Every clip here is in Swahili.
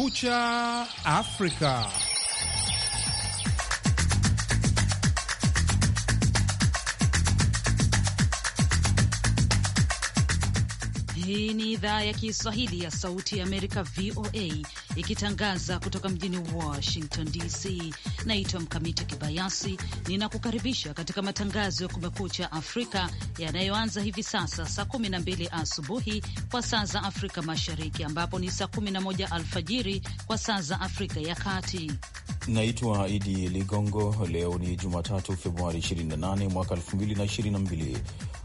Kumekucha Afrika. Hii ni idhaa ya Kiswahili ya Sauti ya Amerika, VOA, ikitangaza kutoka mjini Washington DC. Naitwa Mkamiti Kibayasi, ninakukaribisha katika matangazo ya Kumekucha Afrika yanayoanza hivi sasa saa 12 asubuhi kwa saa za Afrika Mashariki, ambapo ni saa 11 alfajiri kwa saa za Afrika ya Kati. Naitwa Idi Ligongo. Leo ni Jumatatu, Februari 28 mwaka 2022.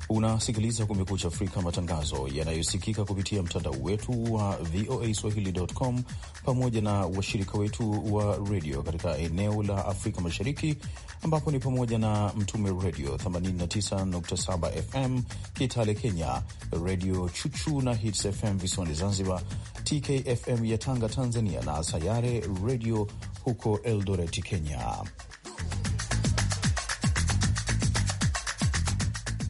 Unasikiliza Kumekucha Afrika, matangazo yanayosikika kupitia mtandao wetu wa VOA Swahili.com pamoja na washirika wetu wa redio katika eneo la Afrika Mashariki, ambapo ni pamoja na Mtume Redio 89.7 FM Kitale Kenya, Redio Chuchu na Hits FM visiwani Zanzibar, TKFM ya Tanga Tanzania, na Sayare Redio huko Eldoret Kenya.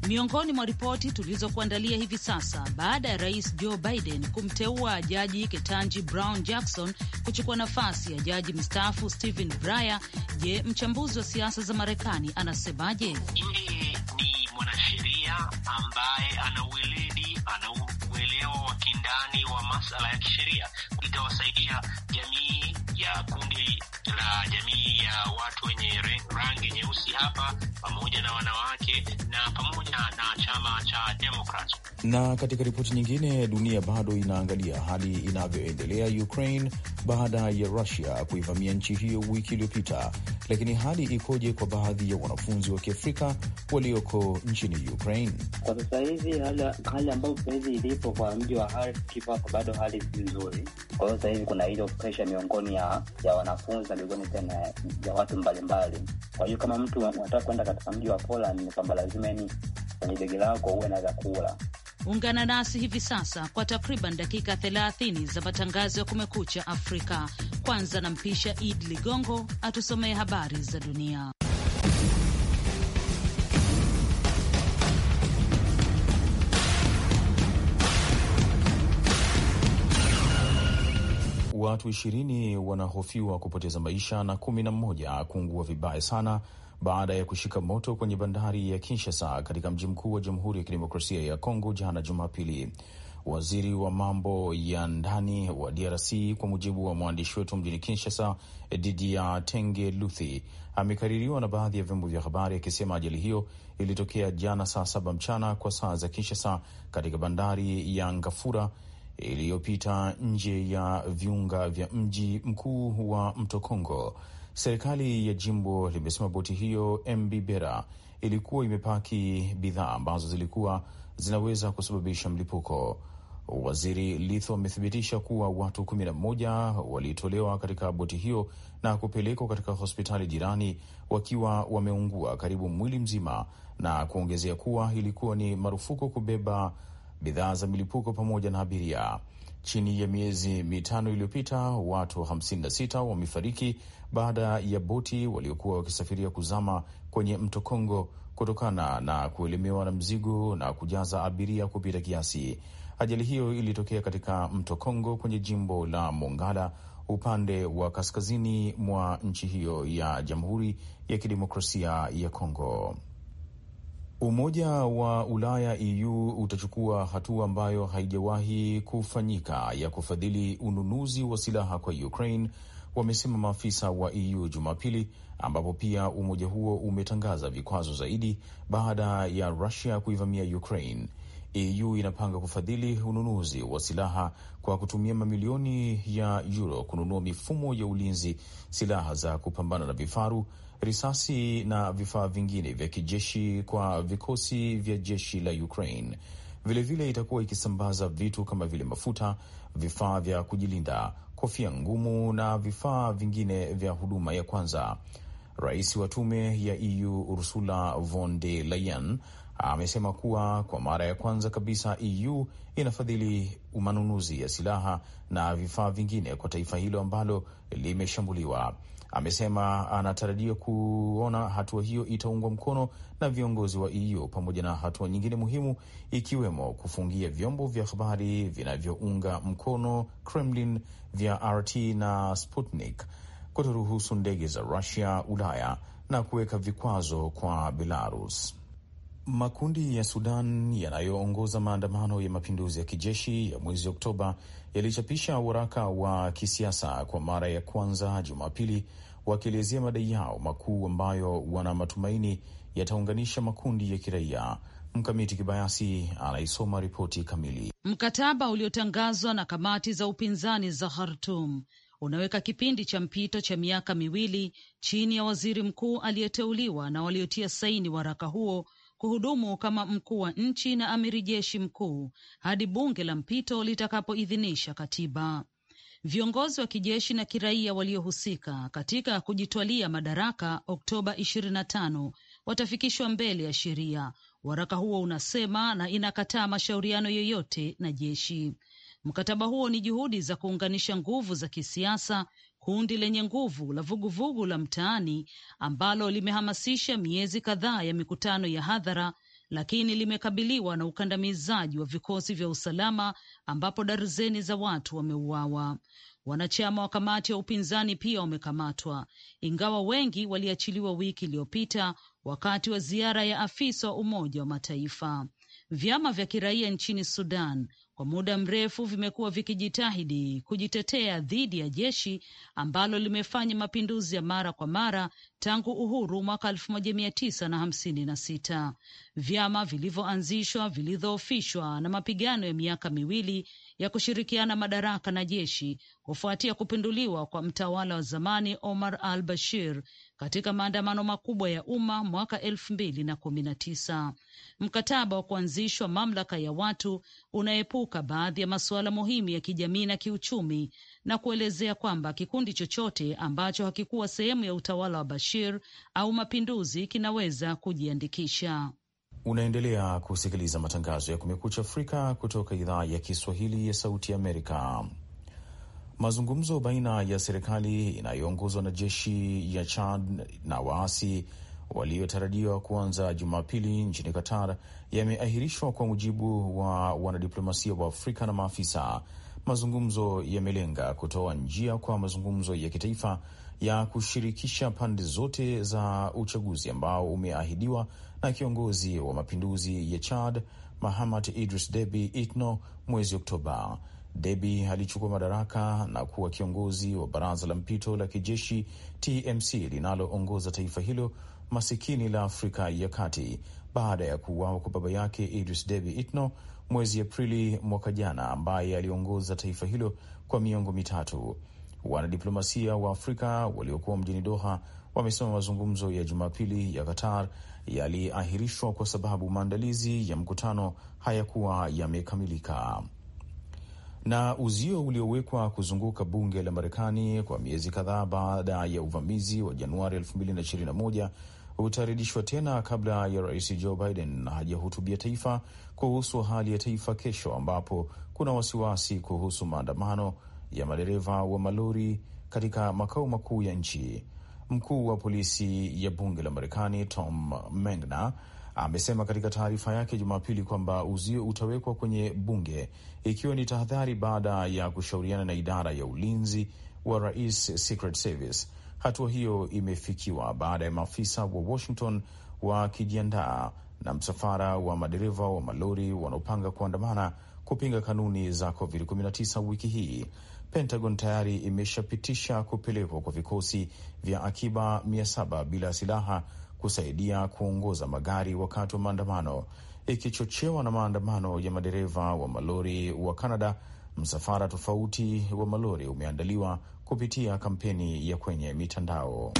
miongoni mwa ripoti tulizokuandalia hivi sasa. Baada ya rais Joe Biden kumteua jaji Ketanji Brown Jackson kuchukua nafasi ya jaji mstaafu Stephen Breyer, je, mchambuzi wa siasa za Marekani anasemaje? Yeye ni mwanasheria ambaye ana ueledi, ana uelewa wa kindani wa masala ya kisheria, itawasaidia jamii ya kundi la jamii ya watu wenye rangi nyeusi hapa pamoja na wanawake na pamoja na chama cha Demokrat. Na katika ripoti nyingine, dunia bado inaangalia hali inavyoendelea Ukraine baada ya Rusia kuivamia nchi hiyo wiki iliyopita. Lakini hali ikoje kwa baadhi ya wanafunzi wa Kiafrika walioko nchini Ukraine kwa sasa hivi? Hali ambayo sasa hivi ilipo kwa mji wa Kharkiv hapo bado hali si nzuri. Kwa hiyo sasa hivi kuna ile presha miongoni ya, ya wanafunzi na miongoni tena ya watu mbalimbali. Kwa hiyo kama mtu anataka kwenda katika mji wa Poland ni kwamba lazima ni kwenye begi lako uwe na vyakula Ungana nasi hivi sasa kwa takriban dakika 30 za matangazo ya Kumekucha Afrika. Kwanza nampisha Id Ligongo atusomee habari za dunia. Watu ishirini wanahofiwa kupoteza maisha na kumi na mmoja kuungua vibaya sana baada ya kushika moto kwenye bandari ya Kinshasa katika mji mkuu wa Jamhuri ya Kidemokrasia ya Kongo jana Jumapili. Waziri wa mambo ya ndani wa DRC, kwa mujibu wa mwandishi wetu mjini Kinshasa, Didier Tenge Luthi, amekaririwa na baadhi ya vyombo vya habari akisema ajali hiyo ilitokea jana saa saba mchana kwa saa za Kinshasa katika bandari ya Ngafura iliyopita nje ya viunga vya mji mkuu wa mto Kongo. Serikali ya jimbo limesema boti hiyo MB Bera ilikuwa imepaki bidhaa ambazo zilikuwa zinaweza kusababisha mlipuko. Waziri Litho amethibitisha kuwa watu 11 walitolewa katika boti hiyo na kupelekwa katika hospitali jirani wakiwa wameungua karibu mwili mzima, na kuongezea kuwa ilikuwa ni marufuku kubeba bidhaa za milipuko pamoja na abiria. Chini ya miezi mitano iliyopita, watu 56 wamefariki baada ya boti waliokuwa wakisafiria kuzama kwenye mto Kongo kutokana na kuelemewa na mzigo na kujaza abiria kupita kiasi. Ajali hiyo ilitokea katika mto Kongo kwenye jimbo la Mongala upande wa kaskazini mwa nchi hiyo ya Jamhuri ya Kidemokrasia ya Kongo. Umoja wa Ulaya EU utachukua hatua ambayo haijawahi kufanyika ya kufadhili ununuzi wa silaha kwa Ukraine, wamesema maafisa wa EU Jumapili, ambapo pia umoja huo umetangaza vikwazo zaidi baada ya Rusia kuivamia Ukraine. EU inapanga kufadhili ununuzi wa silaha kwa kutumia mamilioni ya euro kununua mifumo ya ulinzi, silaha za kupambana na vifaru, risasi na vifaa vingine vya kijeshi kwa vikosi vya jeshi la Ukraine. Vilevile vile itakuwa ikisambaza vitu kama vile mafuta, vifaa vya kujilinda, kofia ngumu na vifaa vingine vya huduma ya kwanza. Rais wa tume ya EU Ursula von der Leyen amesema kuwa kwa mara ya kwanza kabisa EU inafadhili manunuzi ya silaha na vifaa vingine kwa taifa hilo ambalo limeshambuliwa. Amesema anatarajia kuona hatua hiyo itaungwa mkono na viongozi wa EU pamoja na hatua nyingine muhimu ikiwemo kufungia vyombo vya habari vinavyounga mkono Kremlin vya RT na Sputnik, kutoruhusu ndege za Rusia Ulaya na kuweka vikwazo kwa Belarus. Makundi ya Sudan yanayoongoza maandamano ya mapinduzi ya kijeshi ya mwezi Oktoba yalichapisha waraka wa kisiasa kwa mara ya kwanza Jumapili, wakielezea madai yao makuu ambayo wana matumaini yataunganisha makundi ya kiraia. Mkamiti Kibayasi anaisoma ripoti kamili. Mkataba uliotangazwa na kamati za upinzani za Khartum unaweka kipindi cha mpito cha miaka miwili chini ya waziri mkuu aliyeteuliwa na waliotia saini waraka huo kuhudumu kama mkuu wa nchi na amiri jeshi mkuu hadi bunge la mpito litakapoidhinisha katiba. Viongozi wa kijeshi na kiraia waliohusika katika kujitwalia madaraka Oktoba 25 watafikishwa mbele ya sheria, waraka huo unasema, na inakataa mashauriano yoyote na jeshi. Mkataba huo ni juhudi za kuunganisha nguvu za kisiasa kundi lenye nguvu la vuguvugu vugu la mtaani ambalo limehamasisha miezi kadhaa ya mikutano ya hadhara, lakini limekabiliwa na ukandamizaji wa vikosi vya usalama ambapo darzeni za watu wameuawa. Wanachama wa kamati ya upinzani pia wamekamatwa, ingawa wengi waliachiliwa wiki iliyopita wakati wa ziara ya afisa wa Umoja wa Mataifa. Vyama vya kiraia nchini Sudan kwa muda mrefu vimekuwa vikijitahidi kujitetea dhidi ya jeshi ambalo limefanya mapinduzi ya mara kwa mara tangu uhuru mwaka 1956. Vyama vilivyoanzishwa vilidhoofishwa na mapigano ya miaka miwili ya kushirikiana madaraka na jeshi kufuatia kupinduliwa kwa mtawala wa zamani Omar al-Bashir katika maandamano makubwa ya umma mwaka elfu mbili na kumi na tisa. Mkataba wa kuanzishwa mamlaka ya watu unaepuka baadhi ya masuala muhimu ya kijamii na kiuchumi na kuelezea kwamba kikundi chochote ambacho hakikuwa sehemu ya utawala wa Bashir au mapinduzi kinaweza kujiandikisha. Unaendelea kusikiliza matangazo ya Kumekucha Afrika kutoka idhaa ya Kiswahili ya Sauti ya Amerika. Mazungumzo baina ya serikali inayoongozwa na jeshi ya Chad na waasi waliotarajiwa kuanza Jumapili nchini Qatar yameahirishwa kwa mujibu wa wanadiplomasia wa Afrika na maafisa. Mazungumzo yamelenga kutoa njia kwa mazungumzo ya kitaifa ya kushirikisha pande zote za uchaguzi ambao umeahidiwa na kiongozi wa mapinduzi ya Chad Mahamat Idris Deby Itno mwezi Oktoba. Deby alichukua madaraka na kuwa kiongozi wa baraza la mpito la kijeshi TMC linaloongoza taifa hilo masikini la Afrika ya Kati baada ya kuuawa kwa baba yake Idris Deby Itno mwezi Aprili mwaka jana, ambaye aliongoza taifa hilo kwa miongo mitatu. Wanadiplomasia wa Afrika waliokuwa mjini Doha wamesema mazungumzo ya Jumapili ya Qatar yaliahirishwa kwa sababu maandalizi ya mkutano hayakuwa yamekamilika na uzio uliowekwa kuzunguka bunge la Marekani kwa miezi kadhaa baada ya uvamizi wa Januari 2021 utarudishwa tena kabla ya Rais Joe Biden hajahutubia taifa kuhusu hali ya taifa kesho, ambapo kuna wasiwasi kuhusu maandamano ya madereva wa malori katika makao makuu ya nchi. Mkuu wa polisi ya bunge la Marekani Tom Mengna amesema katika taarifa yake Jumapili kwamba uzio utawekwa kwenye bunge ikiwa ni tahadhari baada ya kushauriana na idara ya ulinzi wa rais, Secret Service. Hatua hiyo imefikiwa baada ya maafisa wa Washington wakijiandaa na msafara wa madereva wa malori wanaopanga kuandamana kupinga kanuni za COVID-19 wiki hii. Pentagon tayari imeshapitisha kupelekwa kwa vikosi vya akiba 700 bila silaha kusaidia kuongoza magari wakati wa maandamano, ikichochewa na maandamano ya madereva wa malori wa Kanada. Msafara tofauti wa malori umeandaliwa kupitia kampeni ya kwenye mitandao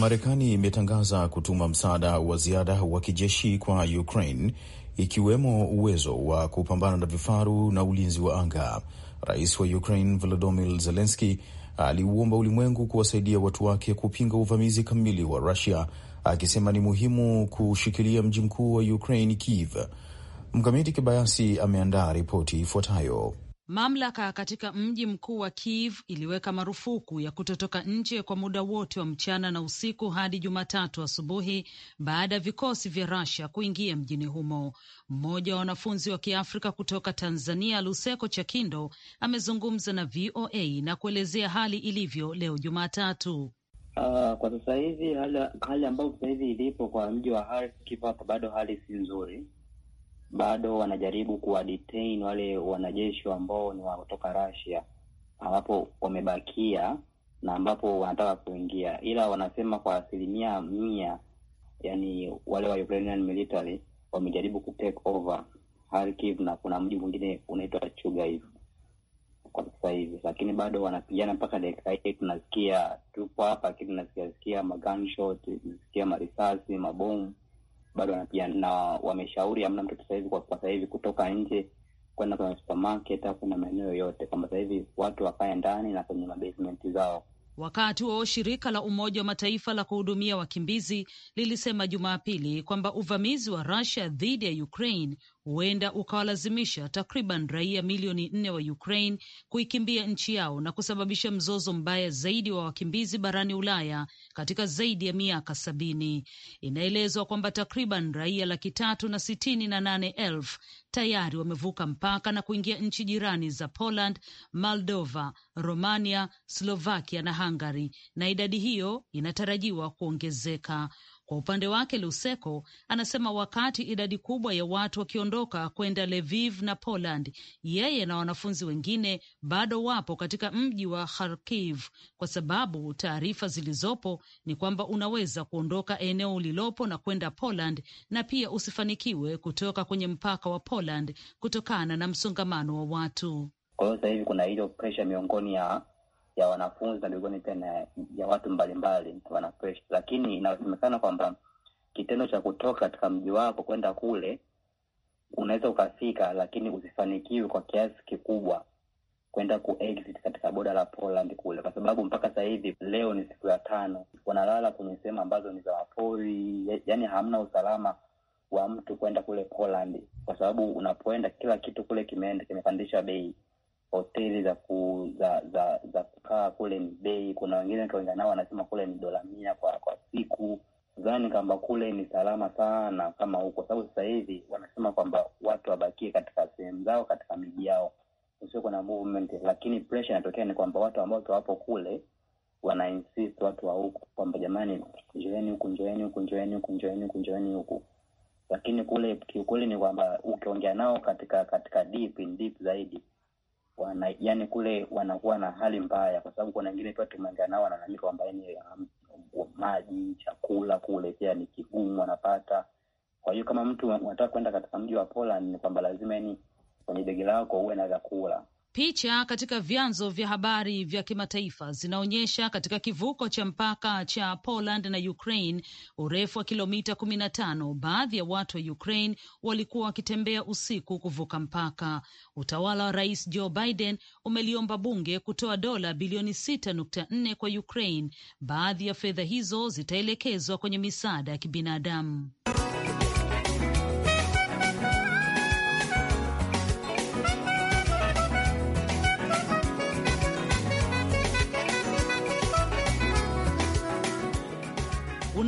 Marekani imetangaza kutuma msaada wa ziada wa kijeshi kwa Ukraine ikiwemo uwezo wa kupambana na vifaru na ulinzi wa anga. Rais wa Ukraine Volodymyr Zelensky aliuomba ulimwengu kuwasaidia watu wake kupinga uvamizi kamili wa Rusia, akisema ni muhimu kushikilia mji mkuu wa Ukraine, Kiev. Mkamiti Kibayasi ameandaa ripoti ifuatayo. Mamlaka katika mji mkuu wa Kiev iliweka marufuku ya kutotoka nje kwa muda wote wa mchana na usiku hadi Jumatatu asubuhi baada ya vikosi vya Russia kuingia mjini humo. Mmoja wa wanafunzi wa Kiafrika kutoka Tanzania, Luseko Chakindo, amezungumza na VOA na kuelezea hali ilivyo leo Jumatatu. Uh, kwa sasa hivi hali, hali ambayo sasa hivi ilipo kwa mji wa Kharkiv hapa bado hali si nzuri bado wanajaribu kuwadetain wale wanajeshi ambao ni kutoka Russia ambapo wamebakia na ambapo wanataka kuingia, ila wanasema kwa asilimia mia, yani wale wa Ukrainian military wamejaribu ku take over Kharkiv na kuna mji mwingine unaitwa Chugaiv kwa sasa hivi, lakini bado wanapigana mpaka dakika hii. Tunasikia tupo hapa, lakini tunasikia sikia magunshot, tunasikia marisasi, mabomu bado wanapia na wameshauri amna mtoto sahivi kwa, kwa kutoka nje kwenda kwenye supermarket au kwenda maeneo yote, kwamba sahivi watu wakae ndani na kwenye mabasement zao. Wakati huo shirika la Umoja wa Mataifa la kuhudumia wakimbizi lilisema Jumapili kwamba uvamizi wa Russia dhidi ya Ukraine huenda ukawalazimisha takriban raia milioni nne wa Ukraine kuikimbia nchi yao na kusababisha mzozo mbaya zaidi wa wakimbizi barani Ulaya katika zaidi ya miaka sabini. Inaelezwa kwamba takriban raia laki tatu na sitini na nane elfu tayari wamevuka mpaka na kuingia nchi jirani za Poland, Moldova, Romania, Slovakia na Hungary, na idadi hiyo inatarajiwa kuongezeka. Kwa upande wake, Luseko anasema wakati idadi kubwa ya watu wakiondoka kwenda Lviv na Poland, yeye na wanafunzi wengine bado wapo katika mji wa Kharkiv, kwa sababu taarifa zilizopo ni kwamba unaweza kuondoka eneo ulilopo na kwenda Poland, na pia usifanikiwe kutoka kwenye mpaka wa Poland kutokana na msongamano wa watu. Kwa hiyo sasa hivi kuna hiyo presha miongoni ya ya wanafunzi na pia tena ya watu mbalimbali wana presha, lakini inasemekana kwamba kitendo cha kutoka katika mji wako kwenda kule unaweza ukafika, lakini usifanikiwe kwa kiasi kikubwa kwenda ku katika boda la Poland kule, kwa sababu mpaka sasa hivi leo ni siku ya tano, wanalala kwenye sehemu ambazo ni za wapori, yaani hamna usalama wa mtu kwenda kule Poland, kwa sababu unapoenda kila kitu kule kimeenda kimepandisha bei hoteli za, ku, za za za kukaa kule ni bei. Kuna wengine tunaongea nao wanasema kule ni dola mia kwa kwa siku. Sidhani kwamba kule ni salama sana kama huko, sababu sasa hivi wanasema kwamba watu wabakie katika sehemu zao, katika miji yao, usio kuna movement, lakini pressure inatokea ni kwamba watu ambao wapo kule wana insist watu wa huku kwamba jamani, njoeni huku, njoeni huku, njoeni huku, njoeni huku, njoeni huku lakini kule kiukweli ni kwamba ukiongea nao katika katika deep in deep zaidi wana, yani kule wanakuwa na hali mbaya, kwa sababu kuna wengine pia tumeongea nao wanalalamika kwamba yani um, maji, chakula kule pia ni kigumu wanapata. Kwa hiyo kama mtu unataka kwenda katika mji wa Poland, ni kwamba lazima yani kwenye begi lako uwe na vyakula Picha katika vyanzo vya habari vya kimataifa zinaonyesha katika kivuko cha mpaka cha Poland na Ukraine, urefu wa kilomita 15, baadhi ya watu wa Ukraine walikuwa wakitembea usiku kuvuka mpaka. Utawala wa Rais Joe Biden umeliomba bunge kutoa dola bilioni 6.4 kwa Ukraine. Baadhi ya fedha hizo zitaelekezwa kwenye misaada ya kibinadamu.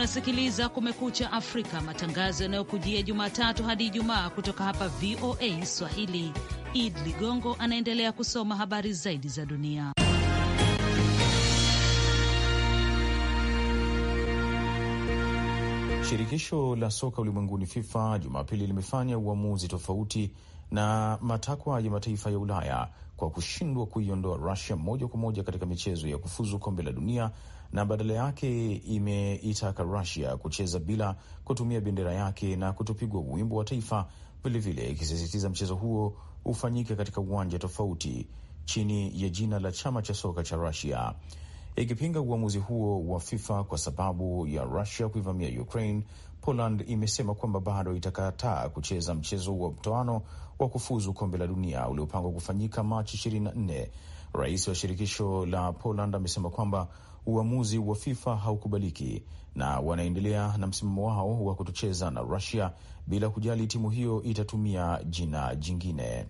Unasikiliza Kumekucha Afrika, matangazo yanayokujia Jumatatu hadi Ijumaa kutoka hapa VOA Swahili. Id Ligongo anaendelea kusoma habari zaidi za dunia. Shirikisho la soka ulimwenguni FIFA Jumapili limefanya uamuzi tofauti na matakwa ya mataifa ya Ulaya kwa kushindwa kuiondoa Rusia moja kwa moja katika michezo ya kufuzu kombe la dunia na badala yake imeitaka Rusia kucheza bila kutumia bendera yake na kutopigwa wimbo wa taifa, vilevile ikisisitiza mchezo huo ufanyike katika uwanja tofauti chini ya jina la chama cha soka cha Rusia, ikipinga uamuzi huo wa FIFA kwa sababu ya Rusia kuivamia Ukraine. Poland imesema kwamba bado itakataa kucheza mchezo wa mtoano wa kufuzu kombe la dunia uliopangwa kufanyika Machi 24. Rais wa shirikisho la Poland amesema kwamba uamuzi wa FIFA haukubaliki na wanaendelea na msimamo wao wa kutocheza na Rusia bila kujali timu hiyo itatumia jina jingine.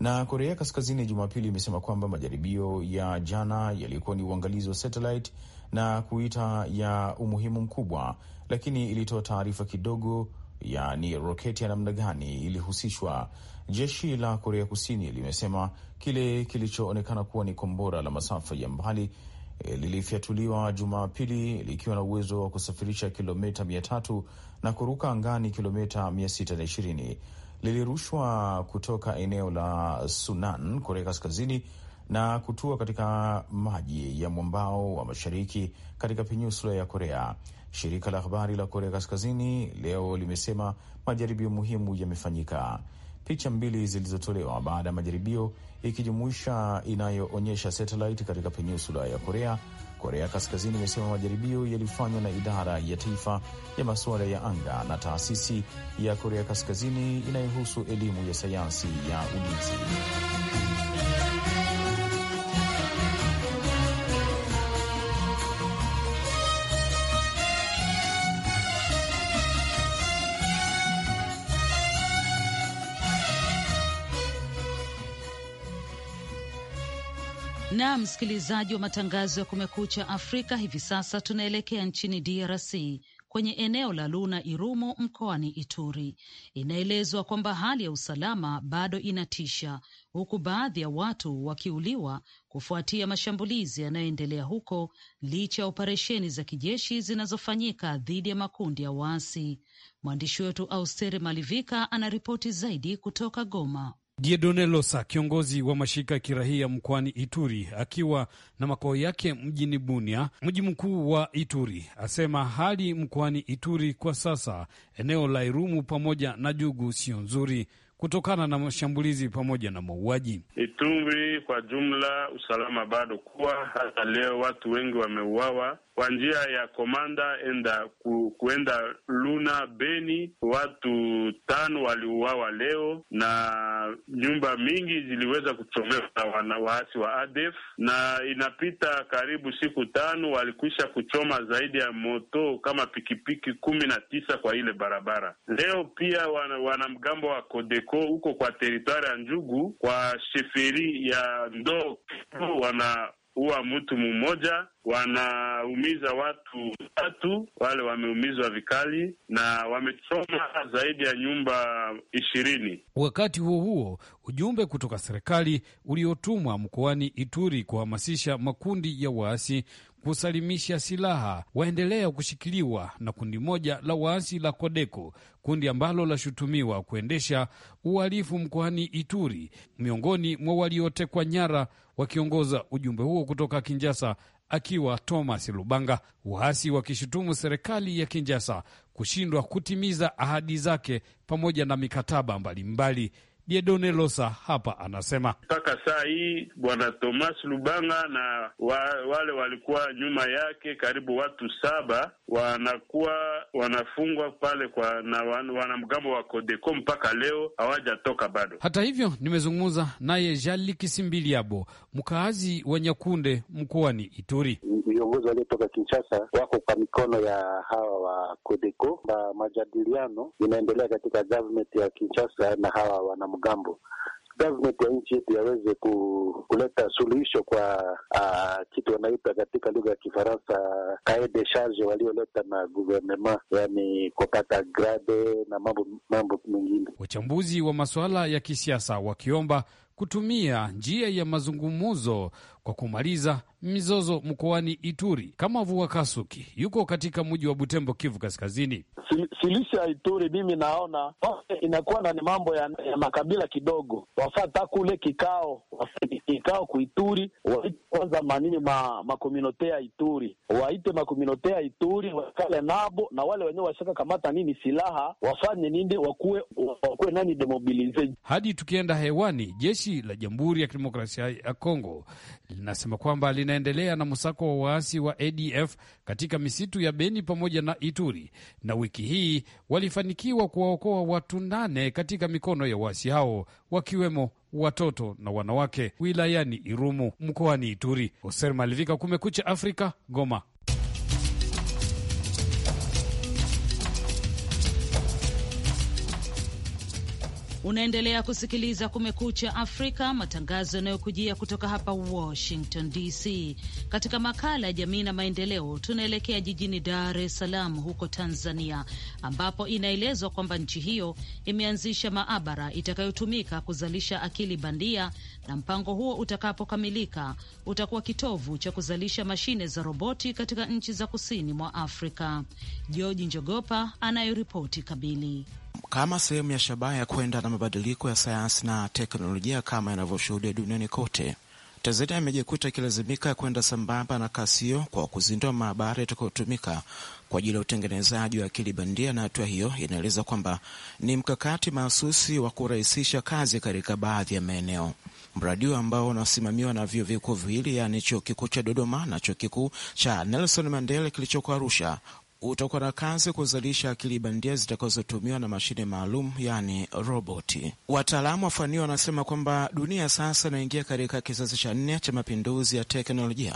Na Korea Kaskazini Jumapili imesema kwamba majaribio ya jana yalikuwa ni uangalizi wa satellite na kuita ya umuhimu mkubwa, lakini ilitoa taarifa kidogo yani roketi ya namna gani ilihusishwa. Jeshi la Korea Kusini limesema kile kilichoonekana kuwa ni kombora la masafa ya mbali E, lilifyatuliwa Jumapili likiwa na uwezo wa kusafirisha kilomita tatu na kuruka angani kilomita ishirini. Lilirushwa kutoka eneo la Sunan, Korea Kaskazini, na kutua katika maji ya mwambao wa mashariki katika peninsula ya Korea. Shirika la habari la Korea Kaskazini leo limesema majaribio muhimu yamefanyika. Picha mbili zilizotolewa baada ya majaribio ikijumuisha inayoonyesha satelit katika peninsula ya Korea. Korea Kaskazini imesema majaribio yalifanywa na idara ya taifa ya masuala ya anga na taasisi ya Korea Kaskazini inayohusu elimu ya sayansi ya ulinzi. na msikilizaji wa matangazo ya Kumekucha Afrika. Hivi sasa tunaelekea nchini DRC kwenye eneo la Luna Irumo mkoani Ituri. Inaelezwa kwamba hali ya usalama bado inatisha, huku baadhi ya watu wakiuliwa kufuatia mashambulizi yanayoendelea huko, licha ya operesheni za kijeshi zinazofanyika dhidi ya makundi ya waasi. Mwandishi wetu Austeri Malivika anaripoti zaidi kutoka Goma. Diedone Losa, kiongozi wa mashirika ya kirahia mkoani Ituri, akiwa na makao yake mjini Bunia, mji mkuu wa Ituri, asema hali mkoani Ituri kwa sasa, eneo la Irumu pamoja na Jugu sio nzuri kutokana na mashambulizi pamoja na mauaji. Ituri kwa jumla usalama bado kuwa, hata leo watu wengi wameuawa kwa njia ya komanda enda ku, kuenda Luna Beni. Watu tano waliuawa leo na nyumba mingi ziliweza kuchomewa na waasi wa ADF, na inapita karibu siku tano walikwisha kuchoma zaidi ya moto kama pikipiki kumi na tisa kwa ile barabara. Leo pia wanamgambo wana wa Kodeko huko kwa teritwari ya Njugu kwa sheferi ya ndoo wana mtu mmoja wanaumiza watu tatu, wale wameumizwa vikali na wamechoma zaidi ya nyumba ishirini. Wakati huo huo, ujumbe kutoka serikali uliotumwa mkoani Ituri kuhamasisha makundi ya waasi kusalimisha silaha waendelea kushikiliwa na kundi moja la waasi la Kodeko, kundi ambalo lashutumiwa kuendesha uhalifu mkoani Ituri. Miongoni mwa waliotekwa nyara wakiongoza ujumbe huo kutoka Kinjasa akiwa Thomas Lubanga, waasi wakishutumu serikali ya Kinjasa kushindwa kutimiza ahadi zake pamoja na mikataba mbalimbali Diedone Losa hapa anasema mpaka saa hii bwana Thomas Lubanga na wa, wale walikuwa nyuma yake karibu watu saba wanakuwa wanafungwa pale kwa na wanamgambo wa Kodeko mpaka leo hawajatoka bado. Hata hivyo nimezungumza naye Jali Kisimbiliabo, mkaazi wa Nyakunde mkoani Ituri. Viongozi waliotoka Kinshasa wako kwa mikono ya hawa wa Kodeko na majadiliano inaendelea katika government ya Kinshasa na hawa wana wanamgambo. Government ya nchi yetu yaweze ku, kuleta suluhisho kwa uh, kitu wanaita katika lugha ya Kifaransa cahier de charge walioleta na guvernema, yani kupata grade na mambo mambo mengine. Wachambuzi wa masuala ya kisiasa wakiomba kutumia njia ya mazungumzo kwa kumaliza mizozo mkoani Ituri. Kama Vua Kasuki yuko katika mji wa Butembo, Kivu Kaskazini. Suluhisho ya Ituri mimi naona inakuwa na ni mambo ya, ya makabila kidogo, wafata kule kikao kikao kuituri, waite kwanza manini ma makominote ya Ituri, waite makominote ya Ituri wakale nabo, na wale wenyewe washaka kamata nini silaha wafanye nini, wakuwe wakuwe nani demobilize. Hadi tukienda hewani, jeshi la Jamhuri ya Kidemokrasia ya Kongo linasema kwamba linaendelea na msako wa waasi wa ADF katika misitu ya Beni pamoja na Ituri, na wiki hii walifanikiwa kuwaokoa watu nane katika mikono ya waasi hao wakiwemo watoto na wanawake wilayani Irumu mkoani Ituri. Hoser Malivika, Kumekucha Afrika, Goma. Unaendelea kusikiliza Kumekucha Afrika, matangazo yanayokujia kutoka hapa Washington DC. Katika makala ya jamii na maendeleo, tunaelekea jijini Dar es Salaam huko Tanzania, ambapo inaelezwa kwamba nchi hiyo imeanzisha maabara itakayotumika kuzalisha akili bandia, na mpango huo utakapokamilika utakuwa kitovu cha kuzalisha mashine za roboti katika nchi za kusini mwa Afrika. George Njogopa anayoripoti kamili kama sehemu ya shabaha ya kwenda na mabadiliko ya sayansi na teknolojia kama yanavyoshuhudia duniani kote. Tanzania imejikuta ikilazimika kwenda sambamba na kasi hiyo kwa kuzindua maabara itakayotumika kwa ajili ya utengenezaji wa akili bandia, na hatua hiyo inaeleza kwamba ni mkakati mahususi wa kurahisisha kazi katika baadhi ya maeneo. Mradi huo ambao unasimamiwa na vyuo vikuu viwili, yaani chuo kikuu cha Dodoma na chuo kikuu cha Nelson Mandela kilichoko Arusha, utakuwa na kazi kuzalisha akili bandia zitakazotumiwa na mashine maalum, yaani roboti. Wataalamu wa fani wanasema kwamba dunia sasa inaingia katika kizazi cha nne cha mapinduzi ya teknolojia,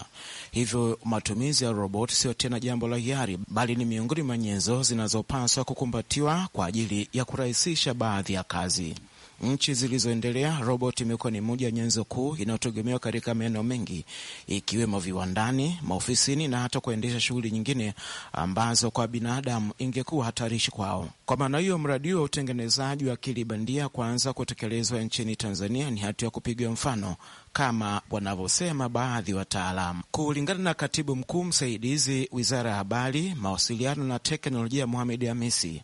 hivyo matumizi ya roboti siyo tena jambo la hiari, bali ni miongoni mwa nyenzo zinazopaswa kukumbatiwa kwa ajili ya kurahisisha baadhi ya kazi. Nchi zilizoendelea robot imekuwa ni moja ya nyenzo kuu inayotegemewa katika maeneo mengi ikiwemo viwandani, maofisini na hata kuendesha shughuli nyingine ambazo kwa binadamu ingekuwa hatarishi kwao. Kwa maana hiyo, mradi wa utengenezaji wa akili bandia kuanza kutekelezwa nchini Tanzania ni hatua ya kupigwa mfano kama wanavyosema baadhi wataalamu. Kulingana na katibu mkuu msaidizi wizara ya habari, mawasiliano na teknolojia, muhamedi Hamisi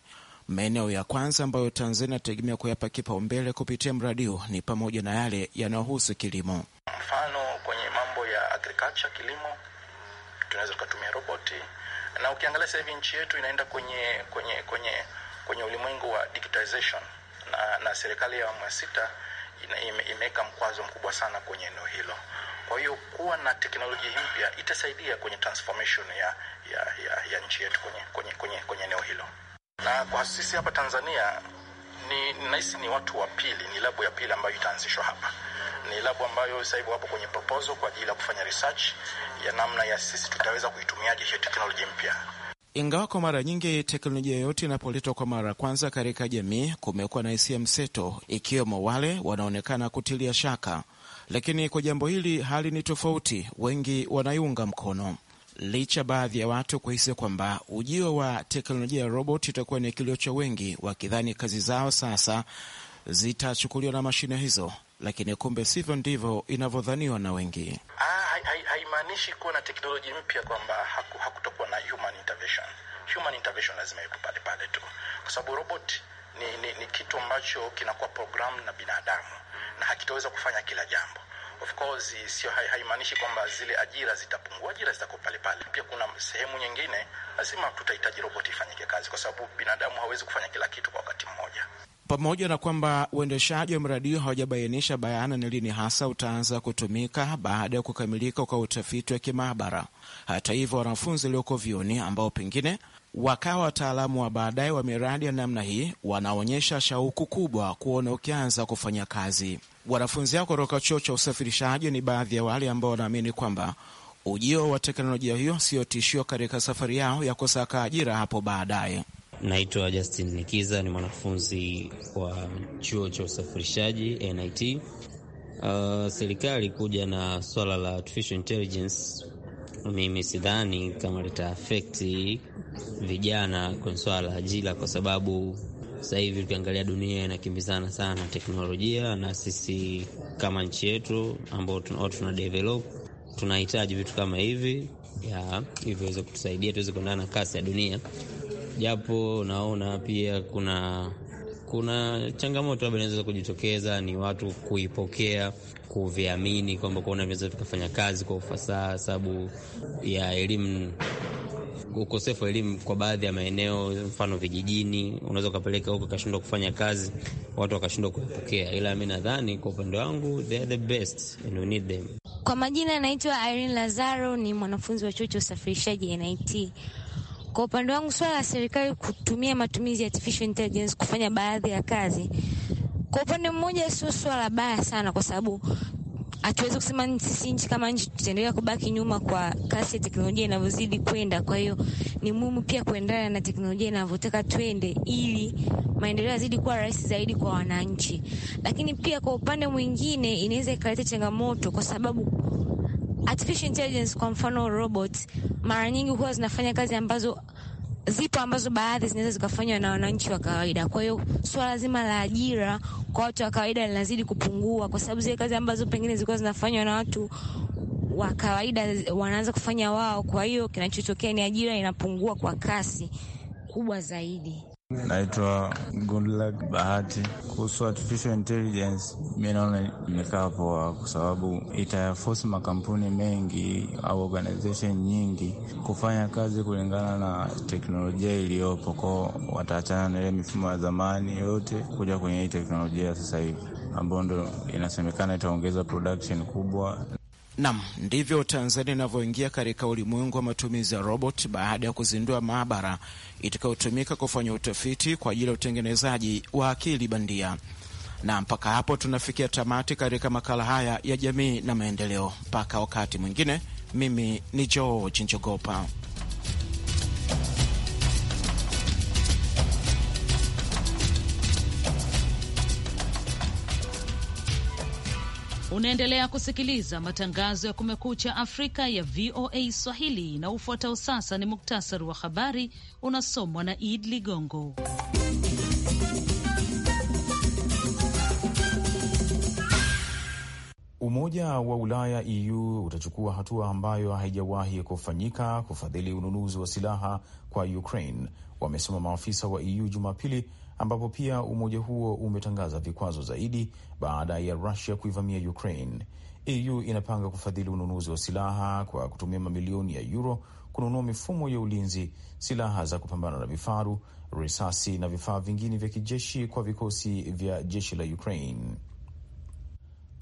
Maeneo ya kwanza ambayo Tanzania inategemea kuyapa kipaumbele kupitia mradi huu ni pamoja na yale yanayohusu kilimo. Mfano, kwenye mambo ya agriculture, kilimo tunaweza tukatumia roboti, na ukiangalia sasa hivi nchi yetu inaenda kwenye kwenye kwenye kwenye ulimwengu wa digitization, na, na serikali ya awamu ya sita imeweka mkwazo mkubwa sana kwenye eneo hilo. Kwa hiyo kuwa na teknolojia mpya itasaidia kwenye transformation ya, ya, ya, ya nchi yetu kwenye, kwenye, kwenye, kwenye eneo hilo. Na kwa sisi hapa Tanzania ni nahisi ni watu wa pili, ni labu ya pili ambayo itaanzishwa hapa ni labu ambayo sasa hivi wapo kwenye proposal kwa ajili ya kufanya research ya namna ya sisi tutaweza kuitumiaje hiyo teknolojia mpya. Ingawa kwa mara nyingi teknolojia yoyote inapoletwa kwa mara ya kwanza katika jamii, kumekuwa na hisia mseto, ikiwemo wale wanaonekana kutilia shaka, lakini kwa jambo hili hali ni tofauti, wengi wanaiunga mkono licha baadhi ya watu kuhisi kwamba ujio wa teknolojia ya robot itakuwa ni kilio cha wengi, wakidhani kazi zao sasa zitachukuliwa na mashine hizo, lakini kumbe sivyo ndivyo inavyodhaniwa na wengi. Ah, haimaanishi kuwa na teknoloji mpya kwamba hakutokuwa na human intervention. Human intervention lazima ipo pale pale tu, kwa sababu robot ni, ni, ni kitu ambacho kinakuwa programu na binadamu na hakitaweza kufanya kila jambo. Of course sio, haimaanishi kwamba zile ajira zitapungua, ajira zitako pale pale. Pia kuna sehemu nyingine lazima tutahitaji roboti ifanyike kazi, kwa sababu binadamu hawezi kufanya kila kitu kwa wakati mmoja. Pamoja na kwamba uendeshaji wa mradi huo hawajabainisha bayana ni lini hasa utaanza kutumika baada ya kukamilika kwa utafiti wa kimaabara. Hata hivyo, wanafunzi walioko vyuoni ambao pengine wakawa wataalamu wa baadaye wa miradi ya namna hii wanaonyesha shauku kubwa kuona ukianza kufanya kazi. Wanafunzi hao kutoka chuo cha usafirishaji ni baadhi ya wale ambao wanaamini kwamba ujio wa teknolojia hiyo sio tishio katika safari yao ya kusaka ajira hapo baadaye. Naitwa Justin Nikiza, ni mwanafunzi wa chuo cha usafirishaji NIT. Uh, serikali kuja na swala la artificial intelligence, mimi sidhani kama litaafekti vijana kwenye swala la ajira, kwa sababu sasa hivi tukiangalia dunia inakimbizana sana na teknolojia, na sisi kama nchi yetu ambao tuna, tuna develop tunahitaji vitu kama hivi hivyo viweze kutusaidia tuweze kuendana na kasi ya dunia, japo naona pia kuna kuna changamoto labda inaweza kujitokeza, ni watu kuipokea, kuviamini kwamba kuona vinaweza vikafanya kazi kwa ufasaha, sababu ya elimu ukosefu wa elimu kwa baadhi ya maeneo, mfano vijijini, unaweza ukapeleka huko ikashindwa kufanya kazi, watu wakashindwa kuipokea. Ila mi nadhani kwa upande wangu they are the best and we need them. Kwa majina anaitwa Irene Lazaro, ni mwanafunzi wa chuo cha usafirishaji NIT. Kwa upande wangu, swala la serikali kutumia matumizi ya artificial intelligence kufanya baadhi ya kazi, kwa upande mmoja sio swala baya sana, kwa sababu hatuwezi kusema sisi nchi kama nchi tutaendelea kubaki nyuma kwa kasi ya teknolojia inavyozidi kwenda. Kwa hiyo ni muhimu pia kuendana na teknolojia inavyotaka twende, ili maendeleo yazidi kuwa rahisi zaidi kwa wananchi. Lakini pia kwa upande mwingine, inaweza ikaleta changamoto kwa sababu artificial intelligence, kwa mfano mara nyingi huwa zinafanya kazi ambazo zipo ambazo baadhi zinaweza zikafanywa na wananchi wa kawaida. Kwa hiyo swala zima la ajira kwa watu wa kawaida linazidi kupungua, kwa sababu zile kazi ambazo pengine zilikuwa zinafanywa na watu wa kawaida wanaanza kufanya wao. Kwa hiyo kinachotokea ni ajira inapungua kwa kasi kubwa zaidi. Naitwa Goodluck Bahati. Kuhusu artificial intelligence, mi naona imekaa poa, kwa sababu itayafosi makampuni mengi au organization nyingi kufanya kazi kulingana na teknolojia iliyopo, kwao wataachana na ile mifumo ya zamani yote kuja kwenye hii teknolojia sasa hivi ambayo ndo inasemekana itaongeza production kubwa. Nam, ndivyo Tanzania inavyoingia katika ulimwengu wa matumizi ya robot baada ya kuzindua maabara itakayotumika kufanya utafiti kwa ajili ya utengenezaji wa akili bandia. Na mpaka hapo tunafikia tamati katika makala haya ya jamii na maendeleo. Mpaka wakati mwingine, mimi ni George Njogopa. Unaendelea kusikiliza matangazo ya Kumekucha Afrika ya VOA Swahili, na ufuatao sasa ni muktasari wa habari unasomwa na Id Ligongo. Umoja wa Ulaya EU utachukua hatua ambayo haijawahi kufanyika kufadhili ununuzi wa silaha kwa Ukraine, wamesema maafisa wa EU Jumapili, ambapo pia umoja huo umetangaza vikwazo zaidi baada ya Rusia kuivamia Ukraine. EU inapanga kufadhili ununuzi wa silaha kwa kutumia mamilioni ya yuro kununua mifumo ya ulinzi, silaha za kupambana na vifaru, risasi na vifaa vingine vya kijeshi kwa vikosi vya jeshi la Ukraine.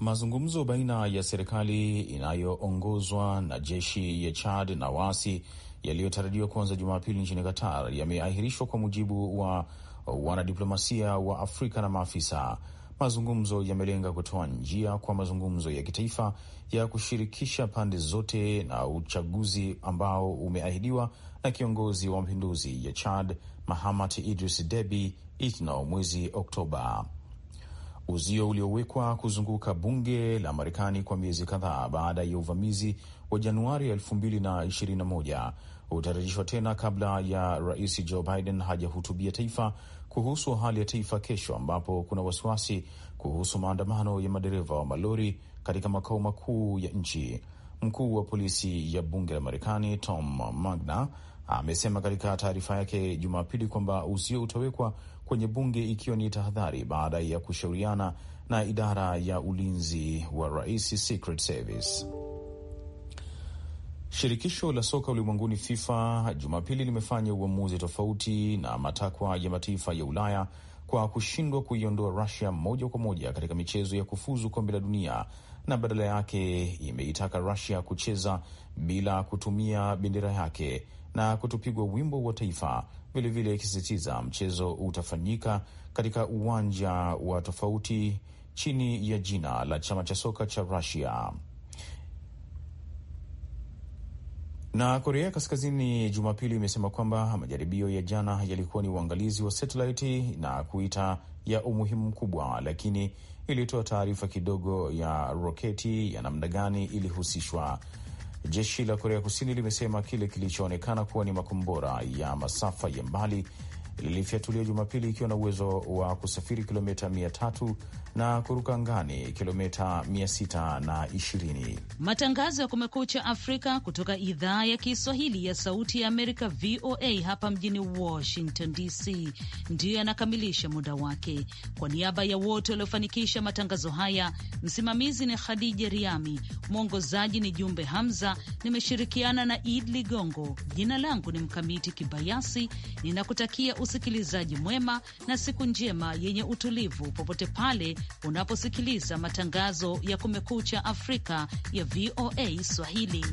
Mazungumzo baina ya serikali inayoongozwa na jeshi ya Chad na waasi yaliyotarajiwa kuanza Jumapili nchini Qatar yameahirishwa kwa mujibu wa wanadiplomasia wa Afrika na maafisa. Mazungumzo yamelenga kutoa njia kwa mazungumzo ya kitaifa ya kushirikisha pande zote na uchaguzi ambao umeahidiwa na kiongozi wa mapinduzi ya Chad Mahamat Idris Debi Itno mwezi Oktoba. Uzio uliowekwa kuzunguka bunge la Marekani kwa miezi kadhaa baada ya uvamizi wa Januari 2021 utarajishwa tena kabla ya Rais Joe Biden hajahutubia taifa kuhusu hali ya taifa kesho, ambapo kuna wasiwasi kuhusu maandamano ya madereva wa malori katika makao makuu ya nchi. Mkuu wa polisi ya bunge la Marekani Tom Magna amesema katika taarifa yake Jumapili kwamba uzio utawekwa kwenye bunge ikiwa ni tahadhari baada ya kushauriana na idara ya ulinzi wa rais, Secret Service. Shirikisho la soka ulimwenguni FIFA Jumapili limefanya uamuzi tofauti na matakwa ya mataifa ya Ulaya kwa kushindwa kuiondoa Rusia moja kwa moja katika michezo ya kufuzu kombe la dunia na badala yake imeitaka Rusia kucheza bila kutumia bendera yake na kutopigwa wimbo wa taifa, vilevile ikisisitiza mchezo utafanyika katika uwanja wa tofauti chini ya jina la chama cha soka cha Rusia. Na Korea Kaskazini Jumapili imesema kwamba majaribio ya jana yalikuwa ni uangalizi wa satelaiti na kuita ya umuhimu mkubwa, lakini ilitoa taarifa kidogo ya roketi ya namna gani ilihusishwa. Jeshi la Korea Kusini limesema kile kilichoonekana kuwa ni makombora ya masafa ya mbali lilifyatulia Jumapili ikiwa na uwezo wa kusafiri kilomita 300 na kuruka ngani kilomita 620. Matangazo ya Kumekucha Afrika kutoka idhaa ya Kiswahili ya Sauti ya Amerika, VOA, hapa mjini Washington DC, ndiyo yanakamilisha muda wake. Kwa niaba ya wote waliofanikisha matangazo haya, msimamizi ni Khadija Riami, mwongozaji ni Jumbe Hamza, nimeshirikiana na Id Ligongo. Jina langu ni Mkamiti Kibayasi, ninakutakia usikilizaji mwema na siku njema yenye utulivu popote pale unaposikiliza matangazo ya Kumekucha Afrika ya VOA Swahili.